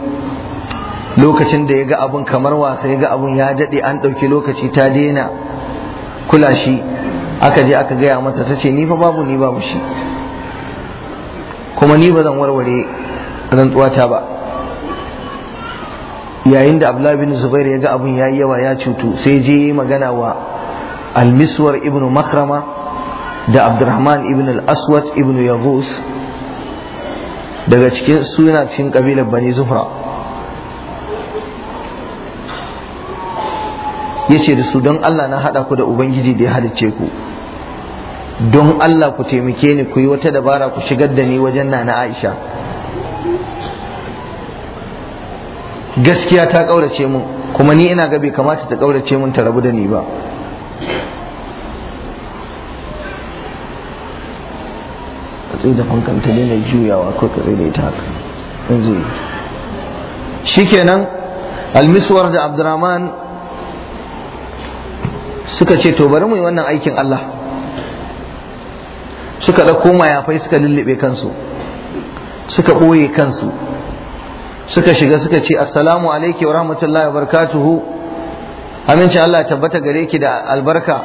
lokacin da ya ga abun kamar wasa ya ga abun ya daɗe an ɗauki lokaci ta daina kula shi aka je aka gaya masa ta ce ni fa babu ni babu shi kuma ni ba zan warware rantsuwata ba yayin da abdullahi bin zubair ya ga abun yayi yawa ya cutu sai je magana wa Almiswar miswar ibn makrama da Abdurahman ibn al-aswad ibn yaghus daga cikin suna cikin kabilar bani zuhra ya ce da su don Allah na haɗa ku da Ubangiji da ya halicce ku don Allah ku taimake ni ku yi wata dabara ku shigar da ni wajen na na Aisha gaskiya ta ƙaurace mun kuma ni ina ga bai kamata ta ƙaurace mun ta rabu da ni ba ka tsaye da fankan ta daina juyawa ko ka da ita haka Shi kenan almiswar da abdurrahman suka ce to bari mu yi wannan aikin Allah suka ɗauko mayafai suka lullube kansu suka ɓoye kansu suka shiga suka ce assalamu alaiki wa rahmatullahi wa barakatuhu amincin Allah tabbata gare ki da albarka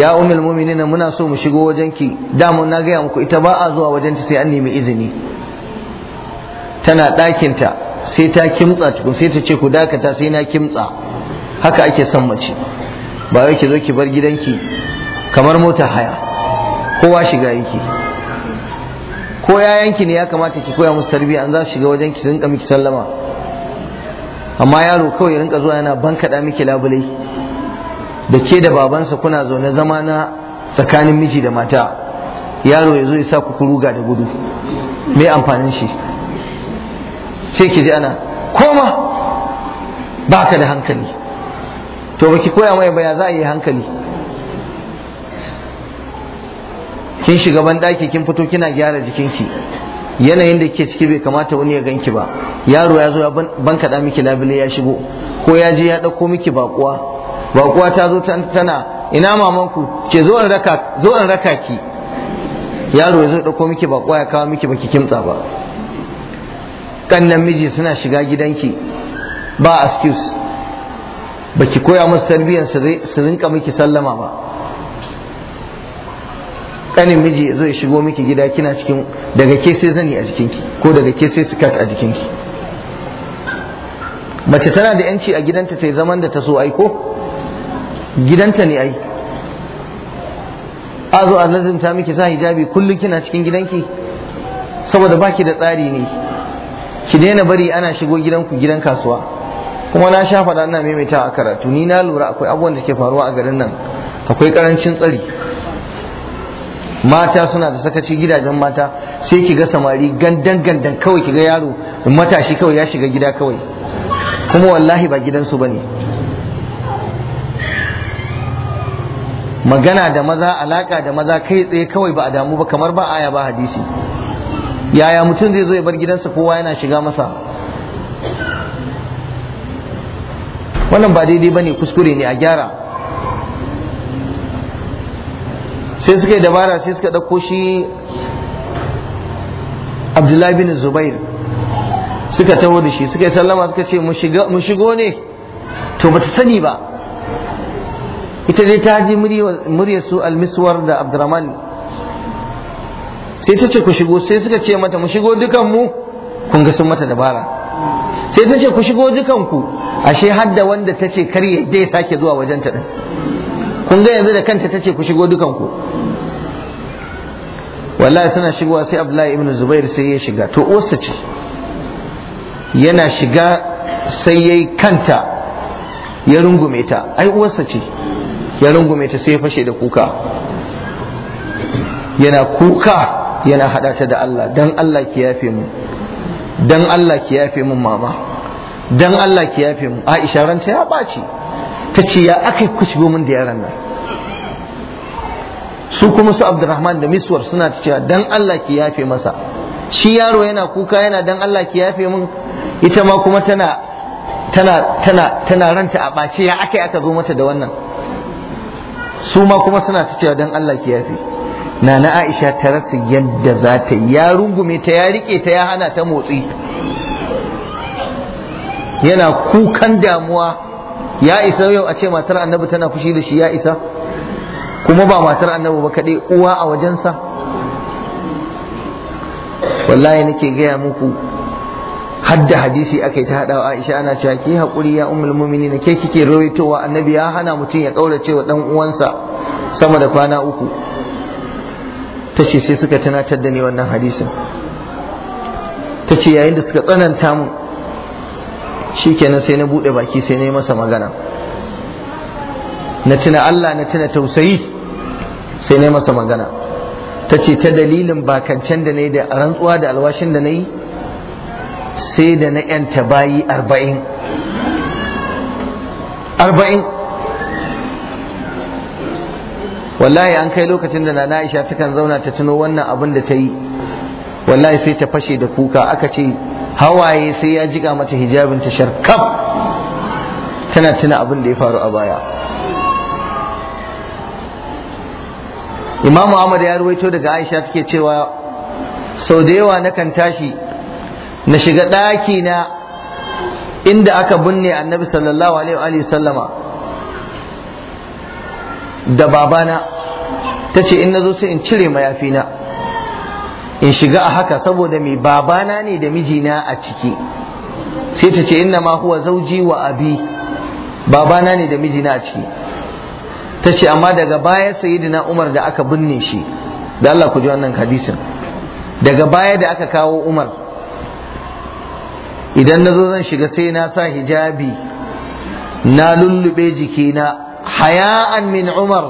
ya ummul mu'minina muna so mu shigo wajen ki da mun na gaya muku ita ba a zuwa wajen sai an nemi izini tana ɗakinta ta sai ta kimtsa tukun sai ta ce ku dakata sai na kimtsa haka ake son mace ba wai ki zo ki bar gidanki kamar mota haya kowa shiga yake ko yayanki ne ya kamata ki koya musu tarbiyya an za su shiga wajen ki rinka miki sallama amma yaro kawai ya rinka zuwa yana bankaɗa miki labulai da ke da babansa kuna zaune zama na tsakanin miji da mata yaro ya zo ya sa ku ruga da gudu me amfanin shi sai ki ji ana koma ba ka da hankali to baki koya mai baya za a yi hankali kin shiga ban kin fito kina gyara jikinki yanayin da ke ciki bai kamata wani ya ganki ba yaro ya zo ya banka da miki labule ya shigo ko ya je ya dauko miki bakuwa bakuwa ta zo tana ina mamanku ke zo in raka zo in raka ki yaro ya zo dauko miki bakuwa ya kawo miki baki kimtsa ba kannan miji suna shiga gidanki ba excuse baki koya musu tarbiyyar su rinka miki sallama ba ɗani miji zai shigo miki gida kina cikin daga ke sai zani a jikinki ko daga ke sai skirt a jikinki mace tana da yanci a gidanta ta zaman da ta so aiko gidanta ne ai a zo a lazimta miki sa hijabi kullum kina cikin gidanki saboda baki da tsari ne ki daina bari ana shigo gidanku gidan kasuwa kuma na sha faɗa ina maimaita a karatu ni na lura akwai abubuwan da ke faruwa a garin nan akwai ƙarancin tsari mata suna da sakaci gidajen mata sai ki ga samari gandan gandan kawai ki ga yaro matashi kawai ya shiga gida kawai kuma wallahi ba gidansu bane magana da maza alaka da maza kai tsaye kawai ba a damu ba kamar ba aya ba hadisi yaya mutum zai zo ya bar gidansa kowa yana shiga masa wannan ba daidai bane kuskure ne a gyara sai suka yi dabara sai suka ɗauko shi abdullahi bin zubair suka taho da shi suka yi sallama suka ce mu shigo ne to ba ta sani ba ita dai ta ji murya su almiswar da abdurrahman sai ta ce ku shigo sai suka ce mata mu shigo dukanmu kun ga sun mata dabara sai ta ce ku shigo dukanku ashe hadda wanda ta ce kar dai ya sake zuwa wajen ta din kun ga yanzu da kanta tace ku shigo dukanku wallahi suna shigowa sai abdullahi ibn zubair sai ya shiga to uwarsa ce yana shiga sai yayi kanta ya rungume ta ai uwarsa ce ya rungume ta sai ya fashe da kuka yana kuka yana haɗa ta da Allah dan Allah ki yafe mu dan Allah ki yafe mu mama dan Allah ki yafe mu Aisha ranta ya ɓaci ta ce ya aka yi kushigo min da yaran nan su kuma su abdurrahman da miswar suna ta cewa dan Allah ki yafe masa shi yaro yana kuka yana dan Allah ki yafe min ita ma kuma tana tana tana tana ranta a ɓace ya aka yi aka zo mata da wannan su ma kuma suna ta cewa dan Allah ki yafe nana Aisha ta rasa yadda za ta ya rungume ta ya rike ta ya hana ta motsi yana kukan damuwa ya isa yau a ce matar annabi tana fushi da shi ya isa kuma ba matar annabi ba kaɗai uwa a wajensa wallahi nake gaya muku hadda hadisi aka yi ta haɗawa aisha ana cewa ki haƙuri ya ummul mumini ke kike rawaitowa annabi ya hana mutum ya ƙaurace wa ɗan uwansa sama da kwana uku ta ce sai suka tunatar da ni wannan hadisin ta ce yayin da suka tsananta mu kenan sai na buɗe baki sai na yi masa magana na tuna Allah na tuna tausayi sai na yi masa magana ta ce ta dalilin bakancen da na yi da rantsuwa da alwashin da na yi sai da na yanta bayi arba'in arba'in wallahi an kai lokacin da na Aisha takan zauna ta tuno wannan abin da ta yi wallahi sai ta fashe da kuka aka ce hawaye sai ya jika mata hijabin ta sharkaf tana tuna abin da ya faru a baya Imam Ahmad ya ruwaito daga Aisha take cewa sau da yawa na kan tashi na shiga ɗaki na inda aka binne annabi sallallahu alaihi wa sallama da babana ta ce in na zo sai in cire mayafina in shiga a haka saboda mai babana ne da mijina a ciki sai ta ce inna ma huwa zauji wa abi babana ne da mijina a ciki ta ce amma daga baya sayyidina umar da aka binne shi da Allah ku ji wannan hadisin daga baya da aka kawo umar idan na zo zan shiga sai na sa hijabi na lullube jikina haya'an min umar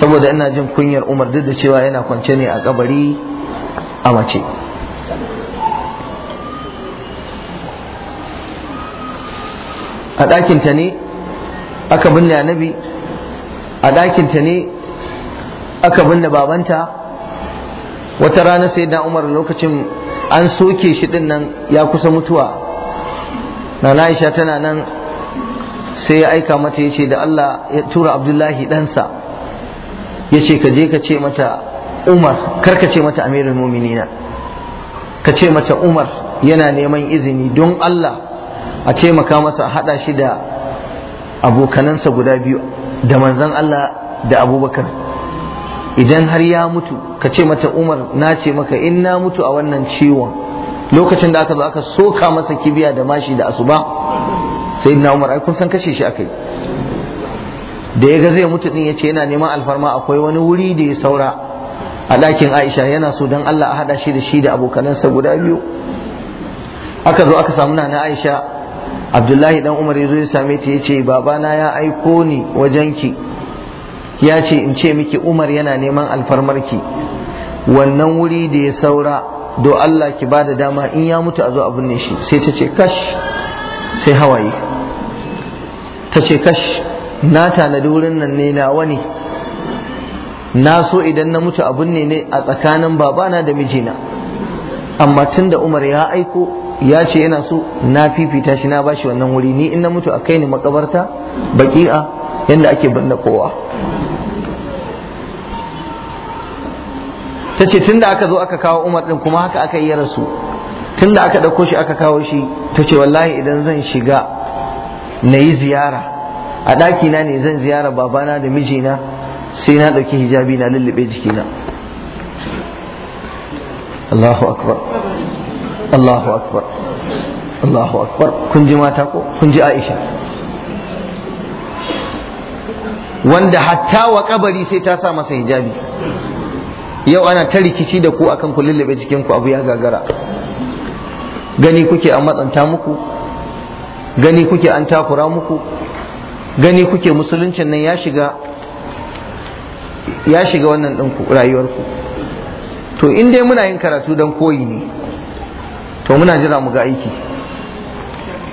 saboda ina jin kunyar umar duk da cewa yana kwance ne a kabari a mace a ɗakinta ne aka binne annabi a ɗakinta ne aka binne babanta wata rana sai da umar lokacin an soke shi ɗin nan ya kusa mutuwa na Aisha tana nan sai ya aika mata ya ce da Allah ya tura Abdullahi ɗansa ya ce ka je ka ce mata Umar karka ce mata amirul mu'minina ka ce mata Umar yana neman izini don Allah a ce maka masa hada shi da abokanansa guda biyu da manzan Allah da Abubakar idan har ya mutu ka ce mata Umar na ce maka in na mutu a wannan ciwon lokacin da aka zo aka soka masa kibiya da mashi da asuba sai na umar ai kun san kashe shi akai da ya ga zai mutu din yace yana neman alfarma akwai wani wuri da ya saura a ɗakin aisha yana so don allah a haɗa shi da shi da abokanansa guda biyu aka zo aka samu na aisha abdullahi dan umar ya ya same ta ya ce babana ya aiko ni wajenki ya ce in ce miki umar yana neman alfarmarki wannan wuri da ya saura do allah ki bada dama in ya mutu a zo a binne shi sai ta ce kash sai hawaye ta ce kash na tanadi wurin nan ne na wani na so idan na mutu abun ne ne a tsakanin babana da mijina amma tun da umar ya aiko ya ce yana so na fifita shi na bashi wannan wuri ni in na mutu a kai ne makabarta baki'a yadda ake binne kowa ta ce tun da aka zo aka kawo umar ɗin kuma haka aka yi rasu tun da aka ɗauko shi aka kawo shi ta ce wallahi idan zan shiga na yi ziyara a ɗakina ne zan ziyara babana da mijina sai na ɗauki hijabi na lullube jikina Allahu akbar Allahu akbar Allahu akbar kun ji mata ko kun ji Aisha wanda hatta wa kabari sai ta sa masa hijabi yau ana ta rikici da ku akan ku lullube jikin ku abu ya gagara gani kuke an matsanta muku gani kuke an takura muku gani kuke musuluncin nan ya shiga ya shiga wannan ɗinku rayuwarku to in dai muna yin karatu don koyi ne to muna jira mu ga aiki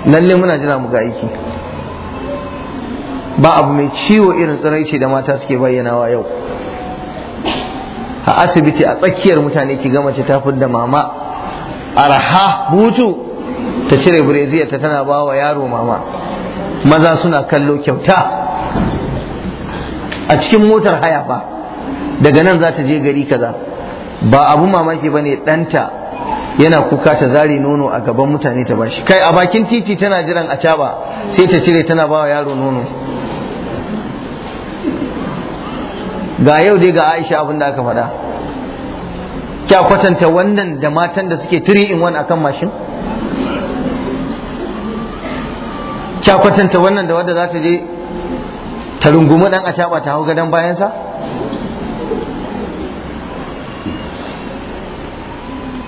lalle muna jira mu ga aiki ba abu mai ciwo irin tsiraici da mata suke bayyanawa yau a asibiti a tsakiyar mutane ki gama mace ta da mama arha butu ta cire ta tana ba wa yaro mama maza suna kallo kyauta a cikin motar haya ba daga nan za ta je gari kaza ba abu mamaki bane ɗanta yana kuka ta zare nono a gaban mutane ta bashi kai a bakin titi tana jiran a caba sai ta cire tana bawa yaro nono ga yau dai ga Aisha abin da aka faɗa kya kwatanta wannan da matan da suke tiri in wani akan mashin kya kwatanta wannan da wadda za ta je ta rungumi dan acaba ta hau gadon bayansa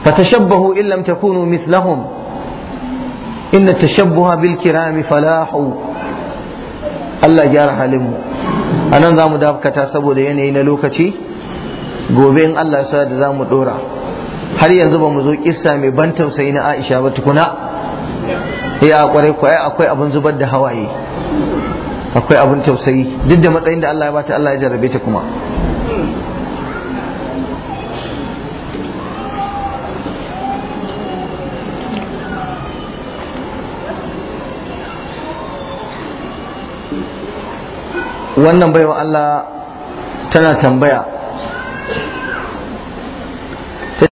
fatashabbahu in lam takunu mislahum inna tashabbuha bil kirami falahu Allah gyara halin mu anan zamu dakata saboda yanayi na lokaci gobe in Allah ya da zamu ɗora. har yanzu ba mu zo kissa mai ban tausayi na Aisha ba tukuna ya eh, kwarai kwarai akwai abin zubar da hawaye akwai abin tausayi duk da matsayin da Allah ya bata Allah ya jarrabe ta kuma wannan baiwa Allah tana tambaya